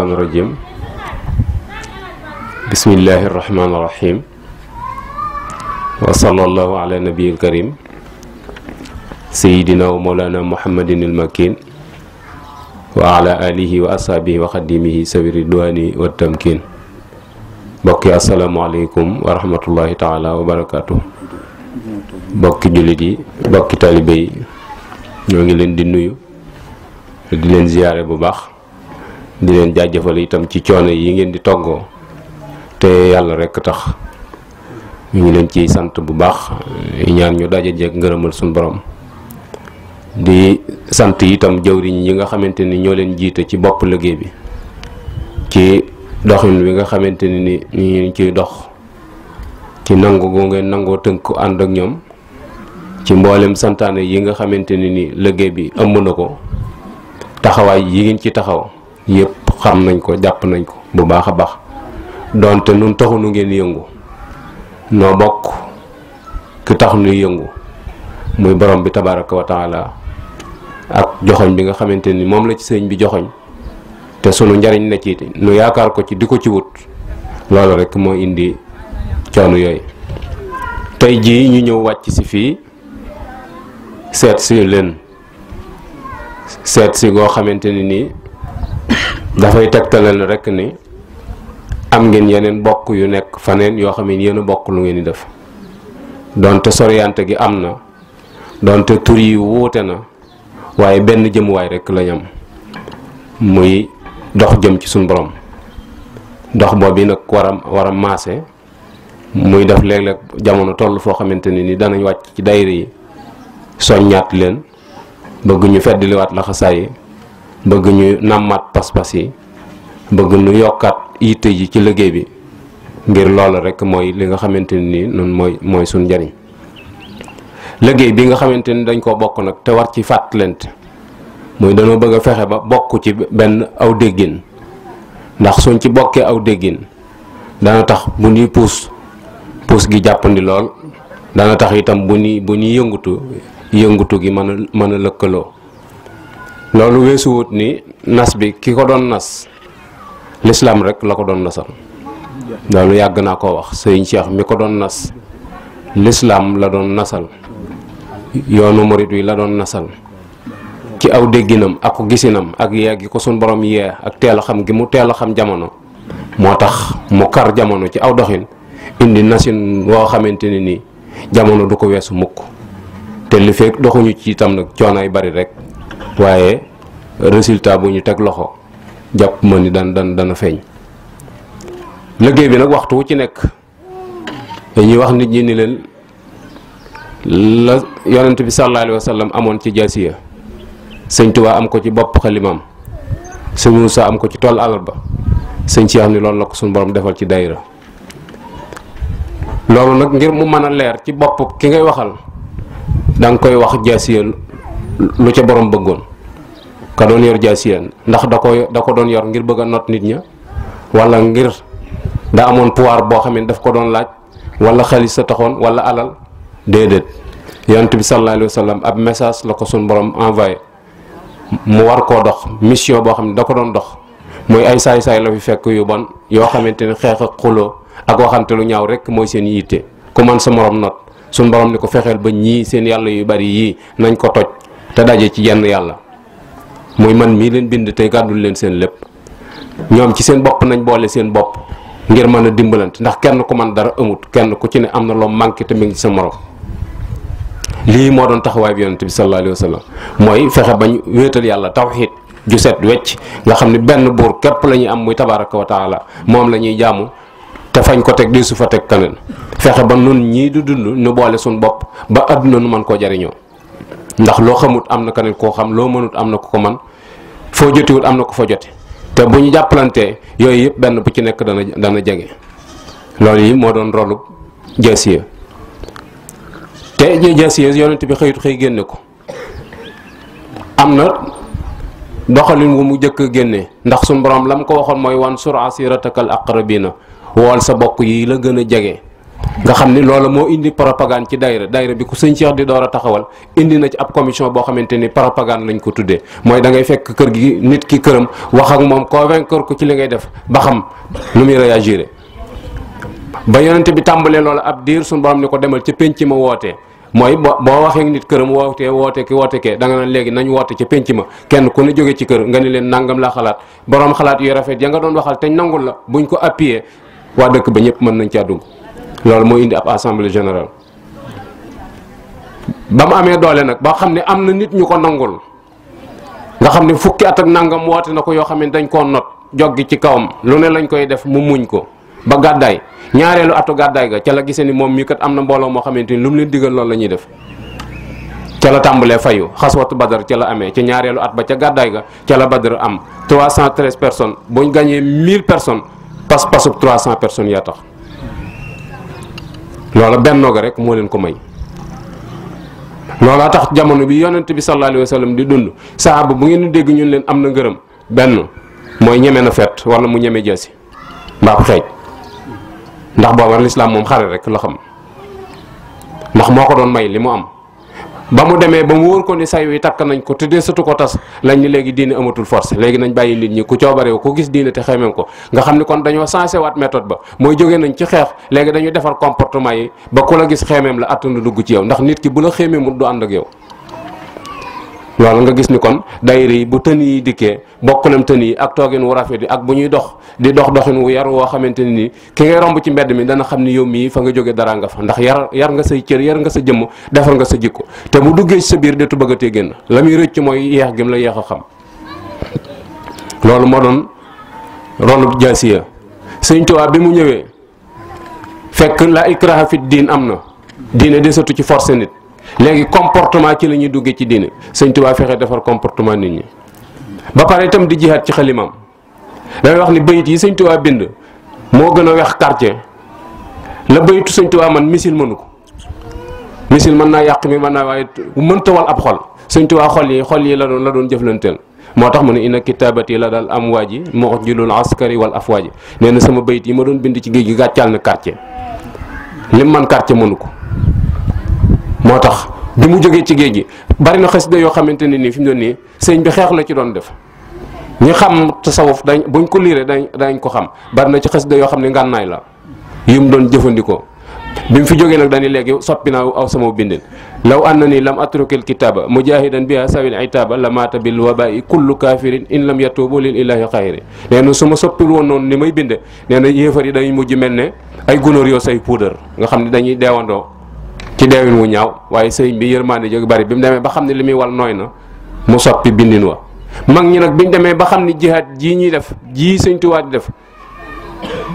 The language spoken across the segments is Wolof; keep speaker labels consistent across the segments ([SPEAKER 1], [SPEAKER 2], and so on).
[SPEAKER 1] الرجيم بسم الله الرحمن الرحيم وصلى الله على نبي الكريم سيدنا ومولانا محمد المكين وعلى آله وأصحابه وخدمه سبيل الدوان والتمكين بقي السلام عليكم ورحمة الله تعالى وبركاته بقي جلدي بقي طالبي ñoo ngi دي نويو دي di leen ziyaare di leen jaajëfal itam ci coono yi ngeen di toggoo te yàlla rekk tax ñu ngi leen ciy sant bu baax ñaan ñu daje jeeg ngërëmal suñ borom di sant itam jëwriñ yi nga xamante ni ñoo leen jiite ci bopp liggéey bi ci doxin wi nga xamante ni ñu ciy dox ci nangu goo nangoo tënk ànd ak ñoom ci mboolem santaane yi nga xamante ni liggéey bi ëmb na ko taxawaay yi ngeen ci taxaw yépp xam nañ ko jàpp nañ ko bu baax a baax donte nun taxu nu ngeen yëngu noo bokk ki tax nuy yëngu muy borom bi tabaraka wa taala ak joxoñ bi nga xamante ni moom la ci sëñ bi joxoñ te sunu njariñ na ci nu yaakaar ko ci di ko ci wut loolu rek moo indi coono yooyu tey jii ñu ñëw wàcc si fii seet si leen seet si goo xamante ni fay tektalel rek ni am ngeen yenen bokk yu nek fanen yo xamni ne bokk lu ngeen di def donte soriyante gi amna donte tour yi wote na waye benn way rek la ñam muy dox jëm ci sun borom dox boobu nag war waram war muy def leg leg jamono tollu fo xamanteni ni danañ wacc ci dayri yi soññaat leen bëgg ñu la bëgg ñu nàmmaat pas-pas yi bëgg ñu yokkaat yitte ji ci liggéey bi ngir loolu rek mooy li nga xamante ni nun mooy mooy suñ njariñ liggéey bi nga xamante ni dañ koo bokk nag te war ci fàttalante mooy dañoo bëgg a fexe ba bokk ci benn aw déggin ndax suñ ci bokkee aw déggin dana tax bu ñuy puus puus gi jàppandi lool dana tax itam bu ñuy bu ñuy yëngutu yëngutu gi mën a mën a lëkkaloo loolu weesu weesuwut ni nas bi ki ko doon nas lislaam rek la ko doon nasal loolu yàgg naa ko wax sëriñ Cheikh mi ko doon nas lislaam la doon nasal yoonu murit wi la doon nasal ci aw dégginam ak gisinam ak yee gi ko suñ borom yee ak teel a xam gi mu teel a xam jamono moo tax mu kar jamono ci aw doxin indi nasin woo xamante ni nii jamono du ko weesu mukk te li fekk doxuñu ci itam nag coono ay bari rek waaye résultat bu ñu teg loxo jàpp ma ni dan dan dana feeñ liggéey bi nag waxtu wu ci nekk dañuy wax nit ñi ni leen la yonent bi sallallahu alayhi wa sallam amoon ci jaasiya sëñ Tuubaa am ko ci bopp xalimaam sëñ Muusaa am ko ci tool alal ba sëñ Seex ni loolu la ko suñu borom defal ci dayra loolu nag ngir mu mën a leer ci bopp ki ngay waxal danga koy wax jaasiyal lu ca boroom bëggoon ka doon yor jaasiyaan ndax da ko da ko doon yor ngir bëgg not nit ña wala ngir da amoon pouvoir boo xam ne daf ko doon laaj wala xaalis sa taxoon wala alal déedéet yonent bi sallallahu alayhi wa sallam ab message la ko suñ boroom envoyé mu war koo dox mission boo xam ne da ko doon dox mooy ay saay-saay la fi fekk yu bon yoo xamante ne xeex ak xuloo ak waxante lu ñaaw rek mooy seen yitte ku man sa morom not suñ borom ni yu bari yii nañ ta dajé ci yenn yalla muy man mi leen bind tey gadul leen seen lepp ñom ci seen bop nañ bolé seen bop ngir mëna dimbalant ndax kenn ku man dara amut kenn ku ci ne amna lo loo manqué mi ngi sa li mo doon taxaway bi bi sallallahu alayhi wasallam sallam fexé bañ wétal yalla tawhid ju set wécc nga xamni benn bur kep lañuy am muy tabaraka wa taala mom lañuy jaamu te fañ ko tek di fa teg keneen ba nun ñi du dund ñu boole sun bop ba aduna nu man ko jariño ndax loo xamut am na keneen koo xam loo mënut am na ko ko man foo jotewut am na ko fa jote te bu ñu jàppalantee yooyu yëpp benn bu ci nekk dana dana jege loolu yi moo doon rolu jaasiya te jaasiya yonent bi xëyut xëy génne ko am na doxalin wu mu jëkk a génne ndax suñu borom la mu ko waxoon mooy wan sur asirataka al aqrabina wool sa bokk yi la gën a jege nga xam ni loola moo indi propagande ci daayira daayira bi ku sëñ Cheikh di door a taxawal indi na ci ab commission boo xamante ni propagande lañ ko tuddee mooy da ngay fekk kër gi nit ki këram wax ak moom convaincre ko ci li ngay def ba xam lu muy réagir ba yonent bi tàmbalee loolu ab diir suñu borom ni ko demal ca penc ma wootee mooy boo boo waxee nit këram wootee woote ki woote kee da nga naan léegi nañ woote ca penc ma kenn ku ne jóge ci kër nga ni leen nangam la xalaat borom xalaat yu rafet ya nga doon waxal te nangul la buñ ko appuyé waa dëkk ba ñëpp mën nañ caa dugg loolu moo indi ab assemblée général ba mu amee doole nag ba xam ne am na nit ñu ko nangul nga xam ne fukki at nangam woote na ko yoo xam ne dañ koo not joggi ci kawam lu ne lañ koy def mu muñ ko ba gàddaay ñaareelu atu gàddaay ga ca la gisee ni moom mii kat am na mbooloo moo xamante ni lu mu leen digal loolu la ñuy def ca la tàmbalee fayu xaswatu badar ca la amee ca ñaareelu at ba ca gàddaay ga ca la badar am 313 personnes buñ gagné 1000 personnes pas-pasub 300 personnes yaa tax. loola bennoo ga rek moo leen ko may loola tax jamono bi yonent bi sallallahu alayhi wa di dund saaba bu ngeen dégg ñun leen am na ngërëm benn mooy ñeme na fet wala mu ñeme jësi mbaa ko xeej ndax booba lislaam moom xare rek la xam ndax moo ko doon may li mu am ba mu demee ba mu wóor ko ni say wi takk nañ ko te dee satu ko tas lañ léegi diine amatul force léegi nañ bàyyi nit ñi ku coobareewu ku gis diine te xemeem ko nga xam ni kon dañoo sensé waat méthode ba mooy jógee nañ ci xeex léegi dañu defar comportement yi ba ku la gis xemeem la attanu dugg ci yow ndax nit ki bu la xemeemul du ànd ak yow loolu nga gis ni kon daayira yi bu tën yi dikkee bokkulam tën yi ak toogin wu rafet yi ak bu ñuy dox di dox doxin wu yar woo xamante ni ki ngay romb ci mbedd mi dana xam ni yow mii fa nga jóge dara nga fa ndax yar yar nga say cër yar nga sa jëmm defar nga sa jikko te bu duggee ci sa biir deetu bëggatee génn la muy rëcc mooy yeex gim la yeex a xam loolu moo doon rolu jaasiya sëñ Tuubaa bi mu ñëwee fekk la ikraha fi diin am na diine desatu ci forcé nit léegi comportement ci la ñuy duggee ci diine sëñ Tuubaa fexe defar comportement nit ñi ba pare itam di jihaat ci xalimam damay wax ni bayit yi sëñ Tuubaa bind moo gën a wex quartier la bayitu sëñ Tuubaa man misil mënu ko misil man naa yàq mi mën naa waaye mënta wal ab xol sëñ waa xol yi xol yi la doon la doon jëflanteel moo tax mu ne ina kitaabati la daal am waa ji moo jilul askari wal afwaaji nee na sama bayit yi ma doon bind ci géej gi gàccaal na quartier lim man quartier mënu ko moo tax bi mu jógee ci géej gi bari na xasida yoo xamante ne nii fi mu doon nii sëñ bi xeex la ci doon def ñi xam tasawuf dañ buñ ko liire dañ dañ ko xam bari na ci xasida yoo xam ne ngànnaay la yu mu doon jëfandikoo. bi mu fi jógee nag dañuy léegi soppi na aw sama bindin law na ni lam atrukil kitaaba mujahidan ay sawil itaaba la maata bil wabaai kullu kafirin in lam yatubu lil ilahi xayri nee na su ma soppil woon noonu ni may binde nee na yéefar yi dañuy mujj mel ne ay gunóor say puudar nga xam ne dañuy deewandoo ci deewin wu ñaaw waaye sëriñ bi yërmaande jóg bari bi mu demee ba xam ne li muy wal nooy na mu soppi bindin wa mag ñi nag bi biñ demee ba xam ni jihaat jii ñuy def jii sëñ Tuubaa def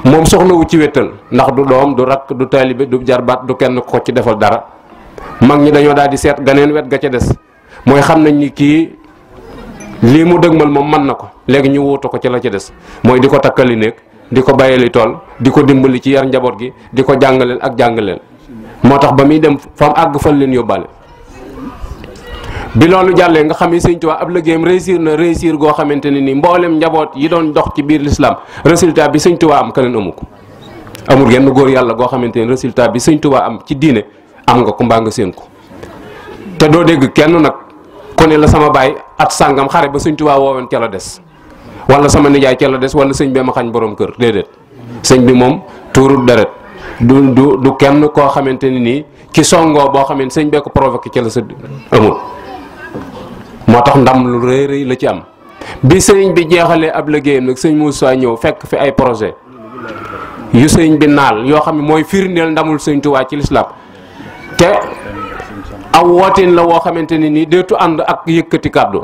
[SPEAKER 1] moom soxlawu ci wéttal ndax du doom du rakk du taalibe du jarbaat du kenn ko ci defal dara mag ñi dañoo daal di seet ganeen wet ga ca des mooy xam nañ ni kii lii mu dëgmal moom mën na ko léegi ñu wuutu ko ci la ca des mooy di ko takkali néeg di ko bàyyili tool di ko dimbali ci yar njaboot gi di ko jàngaleel ak jàngaleel moo tax ba muy dem fam àgg fan leen yóbbaale bi loolu jàllee nga xam ne sëñ Tuubaa ab liggéeyam réussir na réussir goo xamante ne nii mboolem njaboot yi doon dox ci biir l'islam résultat bi sëñ Tuubaa am keneen amu ko amul genn góor yàlla goo xamante ne résultat bi sëñ am ci diine am nga ko mbaa nga séen ko te doo dégg kenn nag ku ne la sama baay at sàngam xare ba sëñ Tuubaa woowoon ca la des wala sama nijaay ca la des wala sëñ bi ma xañ boroom kër déedéet sëñ bi moom tuurul deret du du du kenn ko xamanteni ni ki songo bo xamanteni ne sëñ bee ko provoqué ci la sa amul motax ndam lu reey reey la ci am bi sëñ bi jeexalee ab liggéeyam nak sëñ Moussa ñew fekk fi ay projet yu sëñ bi naal yo xamni moy mooy ndamul sëñ touba ci l'islam te aw wooteen la wo xamanteni ni nii deetu and ak yëkkati kàddu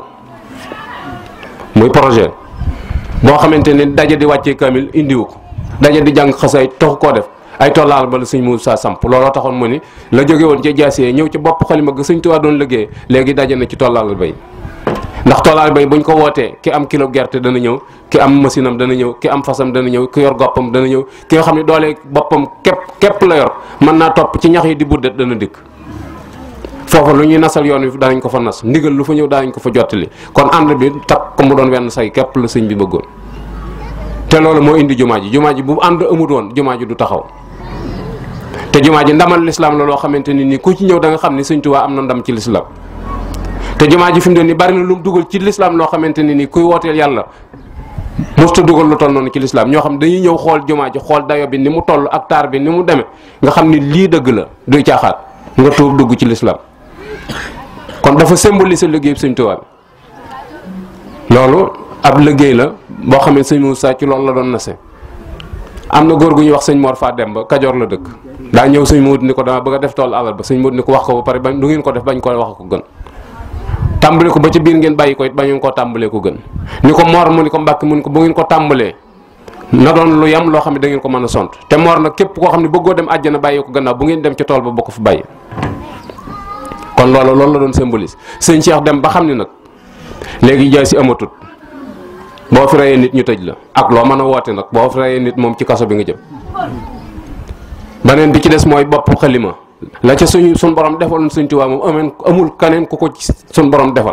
[SPEAKER 1] moy projet bo xamanteni ni di wàccee kamil indi ko daje di jang xassay tok ko def ay tollaal ba la sëñ Moussa samp looloo taxoon mu ni la jóge woon ci jaasee ñëw ci bopp xalima ga sëñ Tuubaa doon liggéey léegi daje na ci tollaal bay ndax toolaal bay buñ ko wootee ki am kilo gerte dana ñëw ki am machine am dana ñëw ki am fasam dana ñëw ki yor goppam dana ñëw ki nga xam ne doole boppam képp képp la yor mën naa topp ci ñax yi di buddet dana dikk foofu lu ñuy nasal yoon wi danañ ko fa nas ndigal lu fa ñëw daanañ ko fa jottali kon ànd bi takk ko doon wenn say képp la sëñ bi bëggoon te loolu moo indi jumaa ji jumaa ji bu ànd amut jumaa ji du taxaw te jumaa ji ndamal lislaam la loo xamante ni nii ku ci ñëw danga xam ni Sëñ am na ndam ci lislaam te jumaa ji fi mu doon ni bari na lu mu dugal ci lislaam loo xamante ni nii kuy wooteel yàlla musta dugal lu toll noonu ci lislaam ñoo xam dañuy ñëw xool jumaa ji xool dayo bi ni mu toll ak taar bi ni mu demee nga xam ni lii dëgg la duy caaxaat nga tuub dugg ci lislaam kon dafa symboliser liggéey Sëñ Tuubaa bi loolu ab liggéey la boo xamee Sëñ Muusaa ci loolu la doon nase am na góor gu ñuy wax Sëñ Mor Faa Demba Kajoor la dëkk daa ñëw sëñ Moodu ni ko dama bëgg a def tool alal ba sëñ Moodu ni ko wax ko ba pare bañ du ngeen ko def bañ ko wax ko gën tàmbale ko ba ca biir ngeen bàyyi ko bañu ko tàmbalee ko gën ni ko moor mu ni ko mbàkk mu ni ko bu ngeen ko tàmbalee na doon lu yam loo xam ne da ko mën a sont te moor nag képp koo xam ne bëggoo dem àjjana bàyyi ko gannaaw bu ngeen dem ci tool ba bokk fa bàyyi kon loolu loolu la doon symbolise sëñ Cheikh dem ba xam ne nag léegi jaay si amatut boo fi rayee nit ñu tëj la ak loo mën a woote nag boo fi nit moom ci kaso bi nga jëm baneen bi ci des mooy bopp xalima la ca suñu suñ borom defaloon suñ Tuubaa moom ameen amul kaneen ku ko suñ borom defal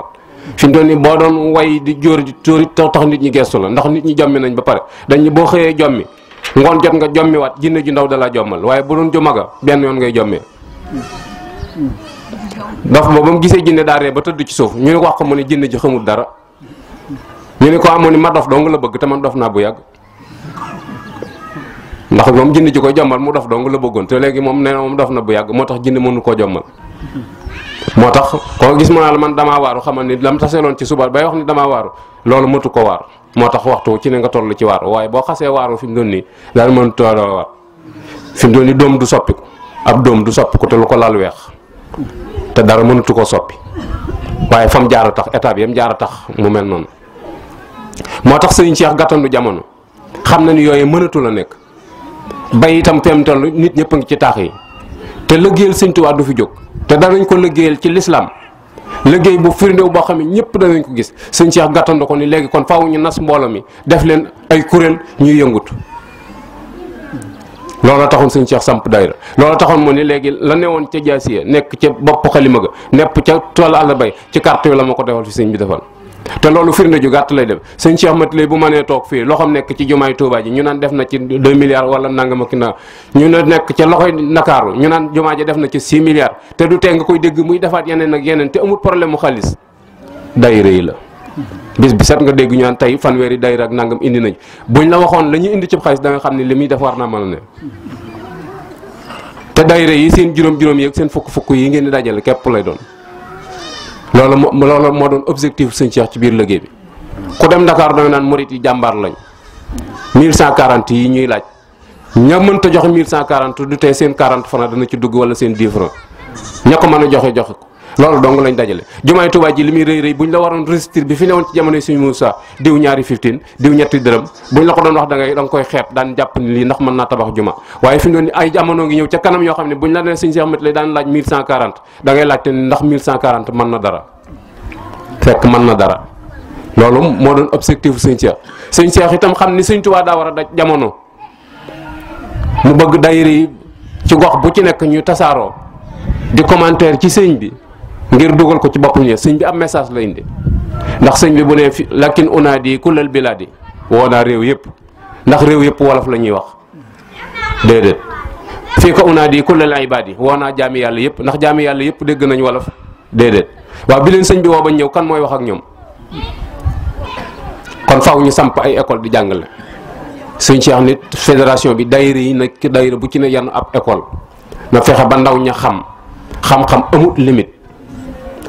[SPEAKER 1] fi mu toll nii boo doon way di jóor di tóori tax nit ñi gestu la ndax nit ñi jommi nañ ba pare dañ boo xëyee jommi ngoon jot nga jommi wat jinne ju ndaw dalaa jommal waaye bu doon ju benn yoon ngay jommee dof ba ba mu gisee jinne daar ree ba tëdd ci suuf ñu ne wax ko mu ne jinne ji xamul dara ñu ne ko amoon ni ma dof dong la bëgg te man dof naa bu yàgg ndax mom jinn ji ko jomal mu daf dong la bëggoon te léegi mom nee mom daf na bu yag motax tax jinn mënu ko jomal motax ko gis ma man dama waru xamal ni lam tasselon ci suba bay wax ni dama waru loolu mëtu ko war motax waxtu ci ne nga tollu ci war waaye bo xasse waru fim doni dal man tolo war fim doni dom du soppi ko du ab dom du ko te lu ko lal wex te dara tu ko soppi waaye fam jaara tax étape yam jaara tax mu mel non motax serigne Cheikh gàttandu jamono xamna ni yoyé mënatu la nek bay itam fem toll nit ñëpp a ngi ci taax yi te liggéeyal sëñ Tuubaa du fi jóg te danañ ko liggéeyal ci lislaam liggéey bu firndéew boo xam ne ñëpp danañ ko gis sëñ Cheikh gàttandu ko ni léegi kon faaw ñu nas mbooloo mi def leen ay kuréel ñuy yëngut loola taxoon sëñ Cheikh samp daayira loola taxoon mu ni léegi la woon ca jaasiya nekk ca bopp xalima ga nepp ca tool àll bay ci carte yi la ma ko defal fi sëñ bi defal te loolu firnde ju gàtt lay def sëñ Cheikh Mat lay bu mënee toog fii loxoom nekk ci jumaay Touba ji ñu naan def na ci 2 milliards wala nangam ak na ñu ne nekk ca loxoy Ndakaaru ñu naan jumaa ji def na ci 6 milliards te du tee nga koy dégg muy defaat yeneen ak yeneen te amul problème mu xaalis day yi la. bis bi set nga dégg ñu naan tey fanweeri dayra ak nangam indi nañ buñ la waxoon la ñuy indi ci xaalis da nga xam ne li muy def war naa mën a ne. te dayra yi seen juróom-juróom yeeg seen fukk-fukk yi ngeen di dajale képp lay doon. loolu moo loolu moo doon objectif sëñ Cheikh ci biir liggéey bi ku dem Dakar danga naan murit yi jàmbaar lañ 1140 yi ñuy laaj ña mënta joxe 1140 du tey seen 40 francs dana ci dugg wala seen 10 francs ko mën a joxe joxe ko lolu dong lañ dajale jumaay Touba ji limi reey reey buñ la waron registre bi fi newoon ci jamono suñu Moussa diw ñaari 15 diw ñetti deureum buñ la ko doon wax da ngay dang koy xeeb daan japp ni li ndax man na tabax juma waye fi doon ay jamono ngi ñew ci kanam yo xamni buñ la nee suñ Cheikh Ahmed lay daan laaj 1140 da ngay laaj te ndax 1140 man na dara fekk man na dara lolu mo doon objectif suñ Cheikh suñ Cheikh itam xamni ni suñ Touba daa war daj jamono mu bëgg dayri ci gox bu ci nek ñu tasaaroo di commentaire ci sëñ bi ngir dugal ko ci boppam ñe sëñ bi am message la indi ndax sëñ bi bu ne lakin unaadi kulal biladi woo naa réew yépp ndax réew yépp wolof la wax déedéet fii ko kulal ibadi wana jamia liip, yàlla yépp ndax jaami yàlla yépp dégg nañ wolof déedéet waaw bi bi ba kan mooy wax ak ñoom kon faaw ñu samp ay école di jàngale sëñ nit fédération bi daayira yi nag daayira bu ci ne yan ab école na fexe ba ndaw ña xam xam-xam amut limite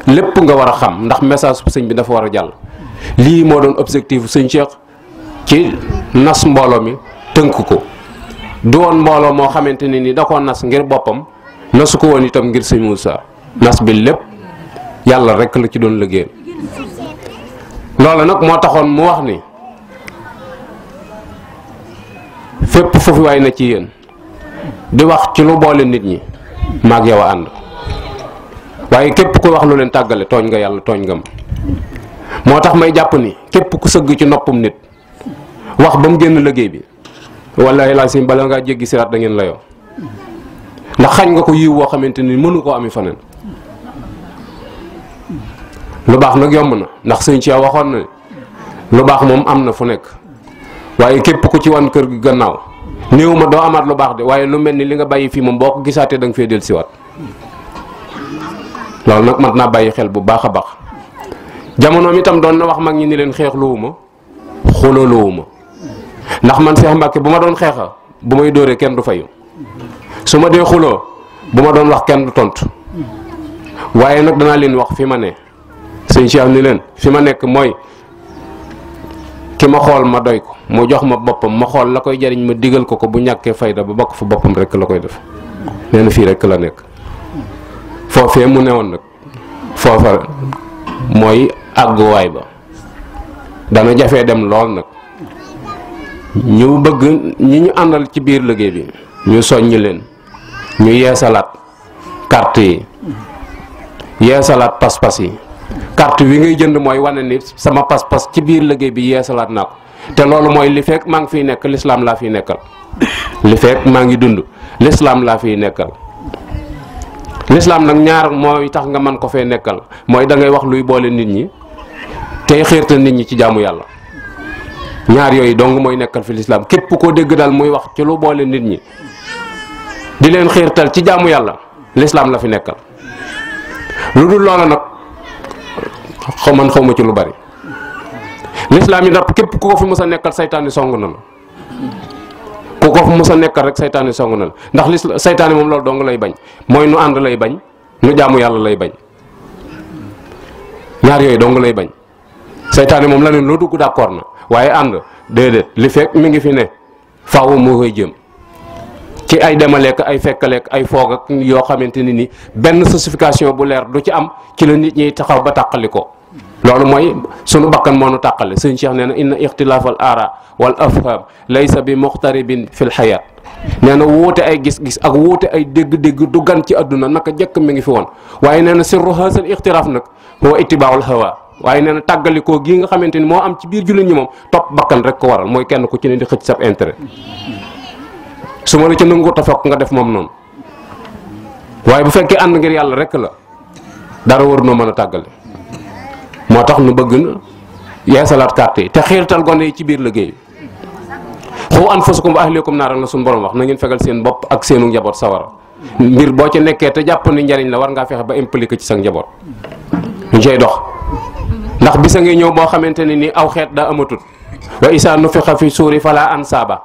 [SPEAKER 1] lepp nga wara xam ndax message seigne bi dafa wara jall li mo doon objectif seigne Cheikh ci nas mbolo mi teunk ko doon mbolo mo xamanteni ni da ko nas ngir bopam nas ko won itam ngir seigne Moussa nas bi lepp yalla rek la ci doon liggéeyal loola nak mo taxone mu wax ni fepp fofu way na ci yeen di wax ci lu boole nit ñi mag yow and waaye képp ku wax lu leen tàggale tooñ nga yàlla tooñ nga ma moo tax may jàpp ni képp ku sëgg ci noppum nit wax ba mu génn liggéey bi wallaahi laa sim bala ngaa jéggi siraat da ngeen layoo ndax xañ nga ko yiw woo xamante ni mënu koo ami faneen lu baax nag yomb na ndax sëñ ci waxoon na lu baax moom am na fu nekk waaye képp ku ci wan kër gi gannaaw néew ma doo amaat lu baax de waaye lu mel ni li nga bàyyi fii moom boo ko gisaatee da nga fee dellusiwaat loolu nag mat naa bàyyi xel bu baax a baax jamonoom itam doon na wax mag ñi ni leen xeexluwuma xulaloowuma ndax man Seex Mbàkke bu ma doon xeexa bu may dóoree kenn du fayu su ma dee xuloo bu ma doon wax kenn du tontu waaye nag danaa leen wax fi ma ne sëñ Cheikh ni leen fi ma nekk mooy ki ma xool ma doy ko mu jox ma boppam ma xool la koy jariñ ma digal ko ko bu ñàkkee fayda ba bokk fa boppam rekk la koy def nee fii rekk la nekk foofee mu newoon nag foofa mooy àgguwaay ba dana jafee dem lool nag ñu bëgg ñi ñu àndal ci biir liggéey bi ñu soññ leen ñu yeesalaat carte yi yeesalaat pas-pas yi carte wi ngay jënd mooy wane ni sama pas-pas ci biir liggéey bi yeesalaat naa ko te loolu mooy li maa ngi fiy nekk lislaam laa fiy nekkal li fekk maa ngi dund lislaam laa fiy nekkal lislaam nag ñaar mooy tax nga mën ko fee nekkal mooy da ngay wax luy boole nit ñi tey xiirtal nit ñi ci jaamu yàlla ñaar yooyu dong mooy nekkal fi lislaam képp koo dégg daal muy wax ci lu boole nit ñi di leen xiirtal ci jaamu yàlla lislaam la fi nekkal lu dul loola nag xaw man xaw ma ci lu bari lislaam yi nag képp ku ko fi mos a nekkal saytaan ni song na la gox mos a nekkal rek saytaane songu na la ndax li saytaane moom loolu dong lay bañ mooy nu ànd lay bañ nu jàmm yàlla lay bañ ñaar yooyu dong lay bañ saytaane moom la ne loo dugg d'accord na waaye ànd déedéet li fekk mi ngi fi ne faaw moo koy jëm ci ay demaleek ay fekkaleek ay foog ak yoo xamante ne ni benn sosification bu leer du ci am ci la nit ñiy taxaw ba tàqali ko. loolu mooy sunu bakkan moo nu tàqale sëñ Cheikh nee na inna ixtilaafal aara wal afham laysa bi muxtaribin fil xayaat nee na wóote ay gis-gis ak wuute ay dégg-dégg du gan ci àdduna naka jëkk mi ngi fi woon waaye nee na sirru haasal ixtiraaf nag huwa ittibaawul hawa waaye nee na tàggalikoo gii nga xamante ni moo am ci biir jullit ñi moom topp bakkan rek waral mooy kenn ku ci ne di xëcc sab intérêt su ma la ca nangu ta fokk nga def moom noonu waaye bu fekkee ànd ngir yàlla rek la dara waru noo mën a tàggale motax nubagun, nu bëgg na salat carte te xiirtal gone yi ci biir liggéey xu anfusakum ahlikum naaran na sun borom wax na ngeen fegal seen bop ak seenu njabot sawara mbir bo ci nekké te japp ni njariñ la war nga fexe ba impliquer ci sax njabot ñu dox ndax bisa ngi ñëw boo xamante ni aw xet da amatut wa isa nufixa fi suri fala ansaba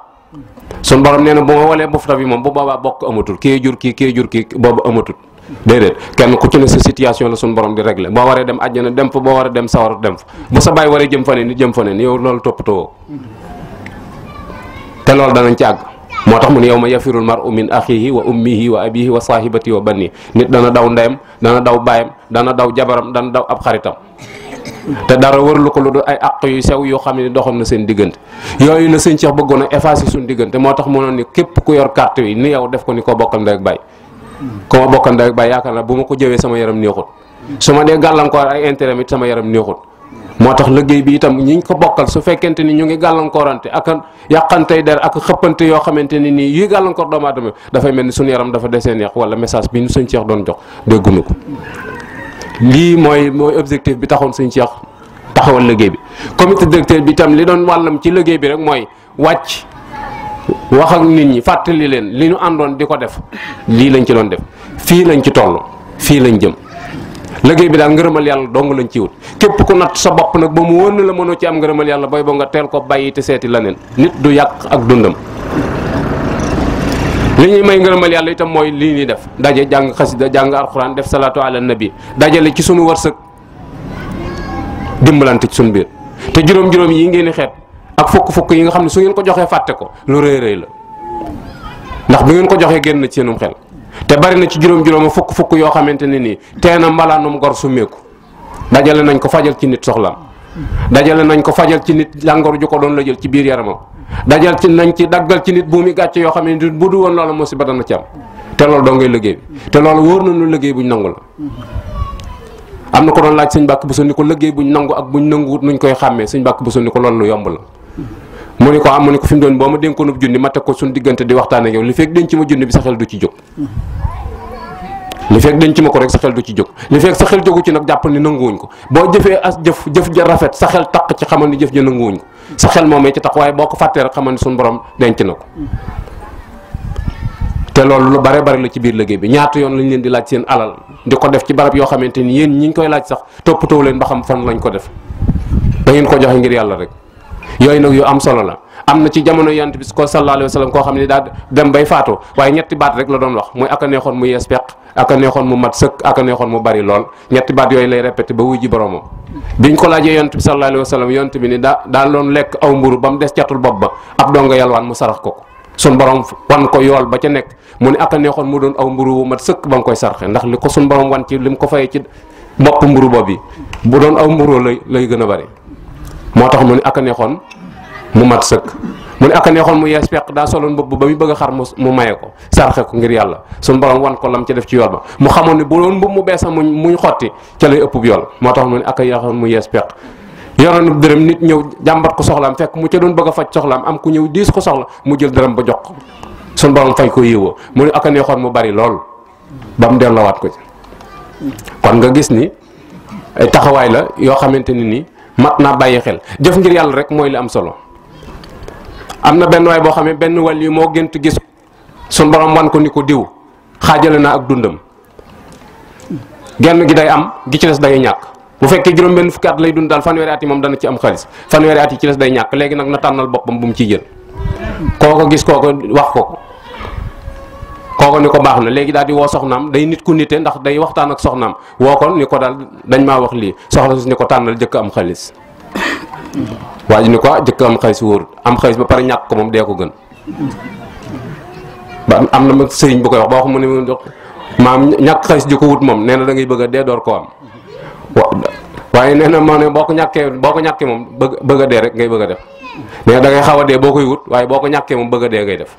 [SPEAKER 1] sun borom neena bu ma walee bufta bi mom bu baba bok amatul kii jur ki jur ki bobu amatul déedéet kenn ku ci ne situation la suñu borom di régler boo waree dem àjjana dem fa boo waree dem sawara dem fa bu sa baay waree jëm fa ne ni jëm fa ne ni yow loolu toppatoo te loolu danañ ci àgg moo tax mu ne yow ma yafirul mar'u min axihi wa ummihi wa abihi wa saahibati wa banni nit dana daw ndeyam dana daw baayam dana daw jabaram dana daw ab xaritam te dara wërlu ko lu dul ay àq yu sew yoo xam ne doxoon na seen diggante yooyu na seen ceex bëggoon a effacer suñu diggante moo tax mu ne ni képp ku yor carte yi ni yow def ko ni ko bokkal ndey ak baay ko ma bokkal ndaw ba yaakaar na buma ma ko jëwee sama yaram neexut suma ma dee ay intérêt mit sama yaram neexut mo tax liggéey bi itam ñi ko bokkal su fekkente ni ñu ngi gàllankoorante ak yàqantey der ak xepante yo xamanteni ni nii yuy gàllankoor doomu aadama da fay ni suñu yaram dafa desee neex wala message bi ñu suñ cheikh doon jox déggunu ko lii moy objectif bi taxone suñ cheikh taxawal liggéey bi comité directeur bi itam li doon walam ci liggéey bi rek moy wacc wax ak nit ñi fatali leen li ñu andon diko def li lañ ci doon def fi lañ ci toll fi lañ jëm liggey bi daal ngeureumal yalla dong lañ ci wut kep ku nat sa bop nak ba mu won la mëno ci am ngeureumal yalla bay bo nga tel ko bayyi te seti lanen nit du yak ak dundam li ñuy may ngeureumal yalla itam moy li ni def dajje jang khassida jang alquran def salatu ala nabi dajale ci sunu wërsëg dimbalante ci sunu biir te juroom juroom yi ngeen xet ak fukk fukk yi nga xamni su ngeen ko joxe fatte ko lu reey reey la ndax bu ngeen ko joxe genn ci ñum xel te bari na ci juroom juroom fukk fukk yo xamanteni ni teena tee num gor su meeku dajale nañ ko fajal ci nit soxlam dajale nañ ko fajal ci nit langor ju ko doon la jël ci biir dajal ci nañ ci daggal ci nit buumi gàcce yoo xam ne bu du woon loola musiba badana ci am te loolu do ngay liggéey te loolu wóor nañu liggéey buñ nangu la am na ko doon laaj sëñ bàkk bu ni ko liggéey buñ nangu ak buñ nanguwut nuñ koy xàmmee sëñ bàkk bu ni ko loolu lu yomb la mu ni ko am ah mu ni ko fi mu doon boo ma dénkoonub junni ma teg ko suñu diggante di waxtaan ak yow li fekk denc ma junni bi sa xel du ci jóg li fekk denc ma ko rek sa xel du ci jóg li fekk sa xel jógu ci nag jàppal ni nanguwuñ ko boo jëfee as jëf jëf ja rafet sa xel taq ci xamal ni jëf ja nanguwuñ ko sa xel moomee ci tax waaye boo ko fàttee rek xamal ni suñu borom denc na ko te loolu lu bare bare la ci biir liggéey bi ñaata yoon lañ leen di laaj seen alal di ko def ci barab yoo xamante ni yéen ñi ñu laaj sax toppatoo leen ba xam fan lañ ko def da ngeen joxe ngir yàlla rek yoy nak yu am solo la am ci jamono yonent bi ko sallallahu alaihi wasallam sallam xamni dal dem bay faatu waye ñetti baat rek la doon wax muy aka neexon mu yees aka neexon mu mat seuk aka neexon mu bari lool ñetti baat yoy lay répété ba wuy ji borom biñ ko laaje yonent bi sallallahu alaihi wasallam sallam bi ni daa doon lek aw mburu bam dess ciatul bob ba ab donga yalwaan mu sarax ko sun borom wan ko yol ba ca nek mu ni aka neexon mu doon aw mburu wu mat seuk bang koy sarxe ndax li sun borom wan ci lim ko fay ci bop mburu bobbi bu doon aw mburu lay lay gëna bari moo tax mu ni ak nekhon mu mat seuk mu ni ak nekhon mu yees peq daa soloon bopp ba muy xar mu maye ko sarxe ko ngir yalla sun borom wan ko lam ci def ci yor ba mu xamone bu won mbubb mu besa mu muñ xoti ci lay ëpp yool moo tax mu ni ak a mu yees peq yoroon nit ñew jambar ko soxlam fek mu ci doon beug fa soxlam am ku ñew dis ko soxla mu jël dërëm ba jox sun borom fay ko yiwoo mu ni ak nekhon mu bari lol bam ko ci kon nga gis ni ay taxaway la yo xamanteni ni Matna baye xel def ngir yalla rek moy li am solo amna ben way bo xamé ben ne mo gentu gis sun borom wan ko niko diw xajalena ak dundam genn gi day am gi ci les day ñak bu fekke juroom ben fukki lay dund dal fanweri ati mom dana ci am xaliss fanweri ati ci les day ñak legi nak na tanal bopam bu mu ci jël koko gis koko wax koko kooku ni ko baax na léegi daal di woo soxnaam day nit ku nite ndax day waxtaan ak soxnaam woo kon ni ko daal dañ maa wax lii soxna si ni ko tànnal jëkk am xaalis waa ji ni ko ah jëkk am xaalis am xaalis ba pare ñàkk ko moom dee ko gën ba am na ma sëriñ bu koy wax ba wax mu ne maam ñàkk xaalis ji ko wut moom nee na da ngay bëgg dee door ko am waaye nee na moo ne boo ko ñàkkee boo ko ñàkkee moom bëgg bëgg a ngay bëgg a def da ngay xaw a dee boo koy wut waaye boo ko ñàkkee moom bëgg dee ngay def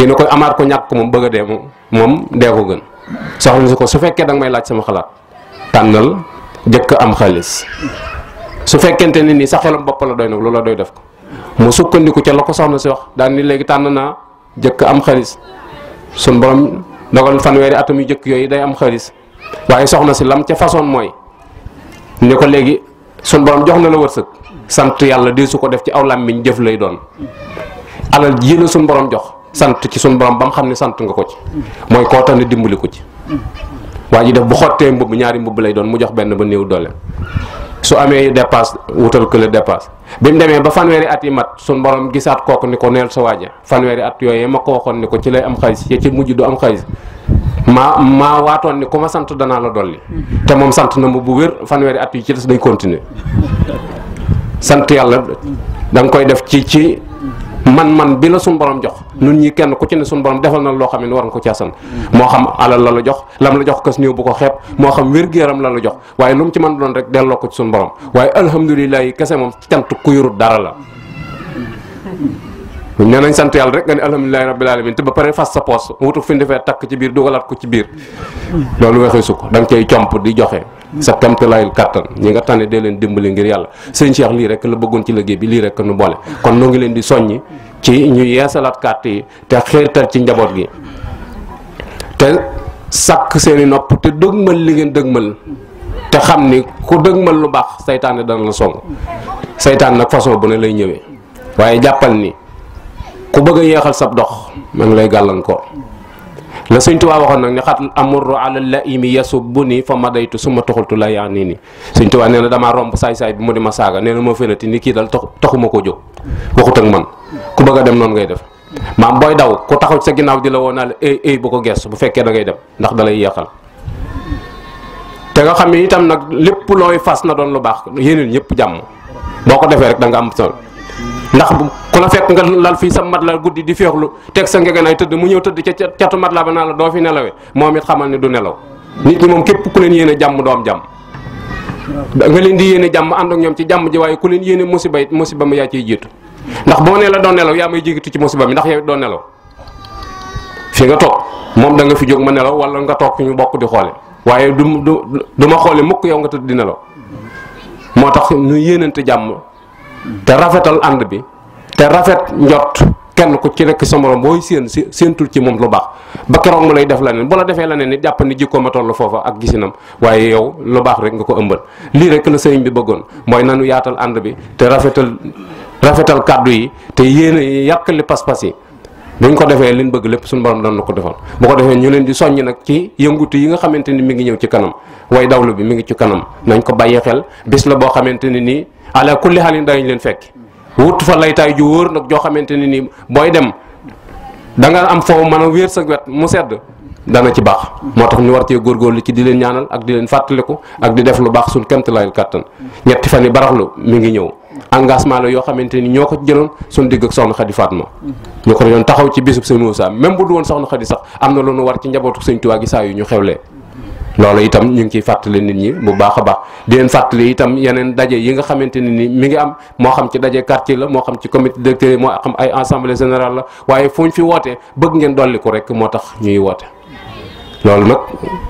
[SPEAKER 1] kii na amar ko ñak mom bëgg dem mom moom gën soxna ko su fekkee dang may laacc sama xalaat tànnal jëk am xaliss su fekkente ne sa xolam bop la doy nag doy def ko mu sukkandiku ci la ko soxna ci wax daan ni léegi tànn naa jëkk am xaliss sun borom dogal fanweeri atam yu jëk yoy day am xaliss waye soxna ci lam ci façon moy ni ko léegi sun borom jox na la wërseuk sant yalla di su ko def ci aw miñ jëf lay doon alal sun borom jox sant ci suñu borom ba mu xam ne sant nga ko ci mooy koo tànn dimbali ko ci waa ji def bu xottee mbubb ñaari mbubb lay doon mu jox benn ba néew doole su amee dépasse wutal kële dépasse bi mu demee ba fanweeri at yi mat suñ borom gisaat kooku ni ko neel sa waaja fanweeri at yooyee ma ko waxoon ni ko ci lay am xaalis ya ci mujj du am xaalis maa maa waatoon ni ku ma sant danaa la dolli te moom sant na ma bu wér fanweeri at yi ci des day continuer sant man-man bi la suñu borom jox nun ñi kenn ku ci ne suñu borom defal na loo xam ne war nga ko caasan moo xam alal la la jox lam la jox kës néew bu ko xeeb moo xam wér-gu-yaram la la jox waaye lu mu ci man doon rek delloo ko ci suñu borom waaye alhamdulilah yi kese moom cant ku yorut dara la nee nañ sant yàlla rek nga ne alhamdulilahi rabbil alamin te ba pare fas sa poos wutuk fi defee takk ci biir dugalaat ko ci biir loolu wexe su ko da nga comp di joxe sa kamtalaayul kàttan ñi nga tànne dee leen dimbali ngir yàlla sëñ Cheikh lii rek la bëggoon ci liggéey bi lii rek nu boole kon noo ngi leen di soññi ci ñu yeesalaat kàtt yi te xeetal ci njaboot gi te sàkk seeni nopp te dëgmal li ngeen dëgmal te xam ni ku dëgmal lu baax seytaane dana la song saytaan nag façon bu ne lay ñëwee waaye jàppal ni ku bëgg a yeexal sab dox ma ngi lay gàllankoor la sëñ Tuubaa waxoon nag ne xat amurru ala laimi yasubbuni fa madaytu suma tu la yaa nii nii sëñ Tuubaa nee na damaa romb saay-saay bi mu di ma saaga nee na ma fenati ni kii dal taxuma ko jóg waxut ak man ku bëgg a dem noon ngay def maam booy daw ku taxaw ci sa ginnaaw di la woon naa la ay ay bu ko gees bu fekkee da ngay dem ndax da lay yéexal te nga xam ne itam nag lépp looy fas na doon lu baax yéeneen ñëpp jàmm boo ko defee rek da nga am solo ndax ko la fekk nga lal fi sa mat la guddi di fexlu tek sa ngege nay tëdd mu ñew teud ci ciatu mat la ba na la do fi nelawé momit xamal ni du nelaw nit ñi mom kep ku leen yéene jàmm doom jàmm nga leen di yene jàmm and ak ñom ci jàmm ji way ku leen yene musiba musiba ma ya ci jitu ndax bo ne la do nelaw ya may jigitu ci musiba mi ndax yow do nelaw fi nga tok mom da nga fi jog ma nelaw wala nga tok fi ñu bokk di xolé waye du du ma mukk yow nga tëdd di nelaw motax ñu yéenante jàmm terafetal rafetal and bi te rafet njot kenn ku ci nekk sa morom mulai seen bola ci mom lu bax ba keroog mu lay def lanen bu la defé lanen ni japp ni jikko ma tollu ak gisinam waye yow lu bax rek nga ko eumbal li rek la bi bëggoon moy nanu yaatal and bi te rafetal rafetal kàddu yi te yene yakali pass pas yi buñ ko defé liñ bëgg lepp suñu borom dañ ko defal bu ko defé ñu leen di soñ nak ci yëngutu yi nga xamanteni mi ngi ñew ci kanam way dawlu bi mi ngi ci kanam nañ ko xel bis la bo xamanteni ni ala kulli halin dañ leen fekk wut fa tay ju woor nak jo xamanteni ni boy dem da nga am fo man a sa wet mu sedd na ci bax motax ñu war gor ci di leen ñaanal ak di leen fàttaliku ak di def lu bax sun kemt layul katan ñetti fan yi baraxlu mi ngi ñew engagement la yo xamanteni ñoko ñoo ko jëloon digg ak soxna khadi Fatma ñu ko doon taxaw ci bisub sëñ Moussa même bu du won soxna khadi sax amna lu nu war ci njabootu gi sa yu ñu xewle loolu itam ñu ngi ciy fàttali nit ñi bu baax a baax di leen fàttali itam yeneen daje yi nga xamanteni ni mi ngi am moo xam ci daje quartier la moo xam ci comité directeur yi moo xam ay assemblée générale la waaye fuñ fi wootee bëgg ngeen dolliku rek moo tax ñuy woote loolu nag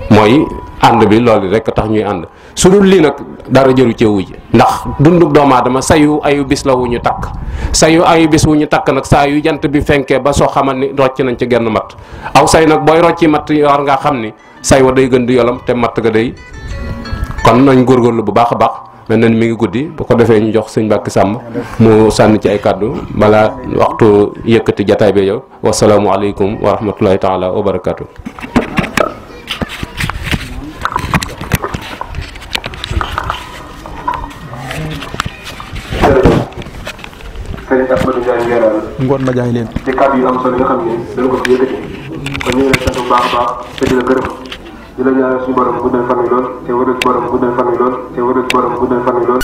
[SPEAKER 1] mooy ànd bi loolu rek tax ñuy ànd su dul lii nag dara jëru ci wuy ndax dundub doomu aadama sayu ayu bis la wuñu ñu takk sayu ayu bis wuñu ñu takk nag saa yu jant bi fenkee ba soo xamal ni rocc nañ ci genn mat aw say nag booy rocci mat war nga xam say wa day gën di yolam te mat ga day kon nañ lu bu baax baax mel nañ mi ngi guddi bu ko defee ñu jox sëñ bàkki sàmm mu sànni ci ay kàddu bala waxtu yëkkati jataay bi yow wasalaamualeykum wa rahmatullahi taala wa barakatu ngon ma jaay leen ci kàddu yu am solo nga xam ne dañ ko fi yëkkati kon ñu ngi lay sant bu baax a baax te di la gërëm di la ñaanal suñu borom guddal fan yi lool te wërëj borom guddal fan yi lool te wërëj borom guddal fan yi lool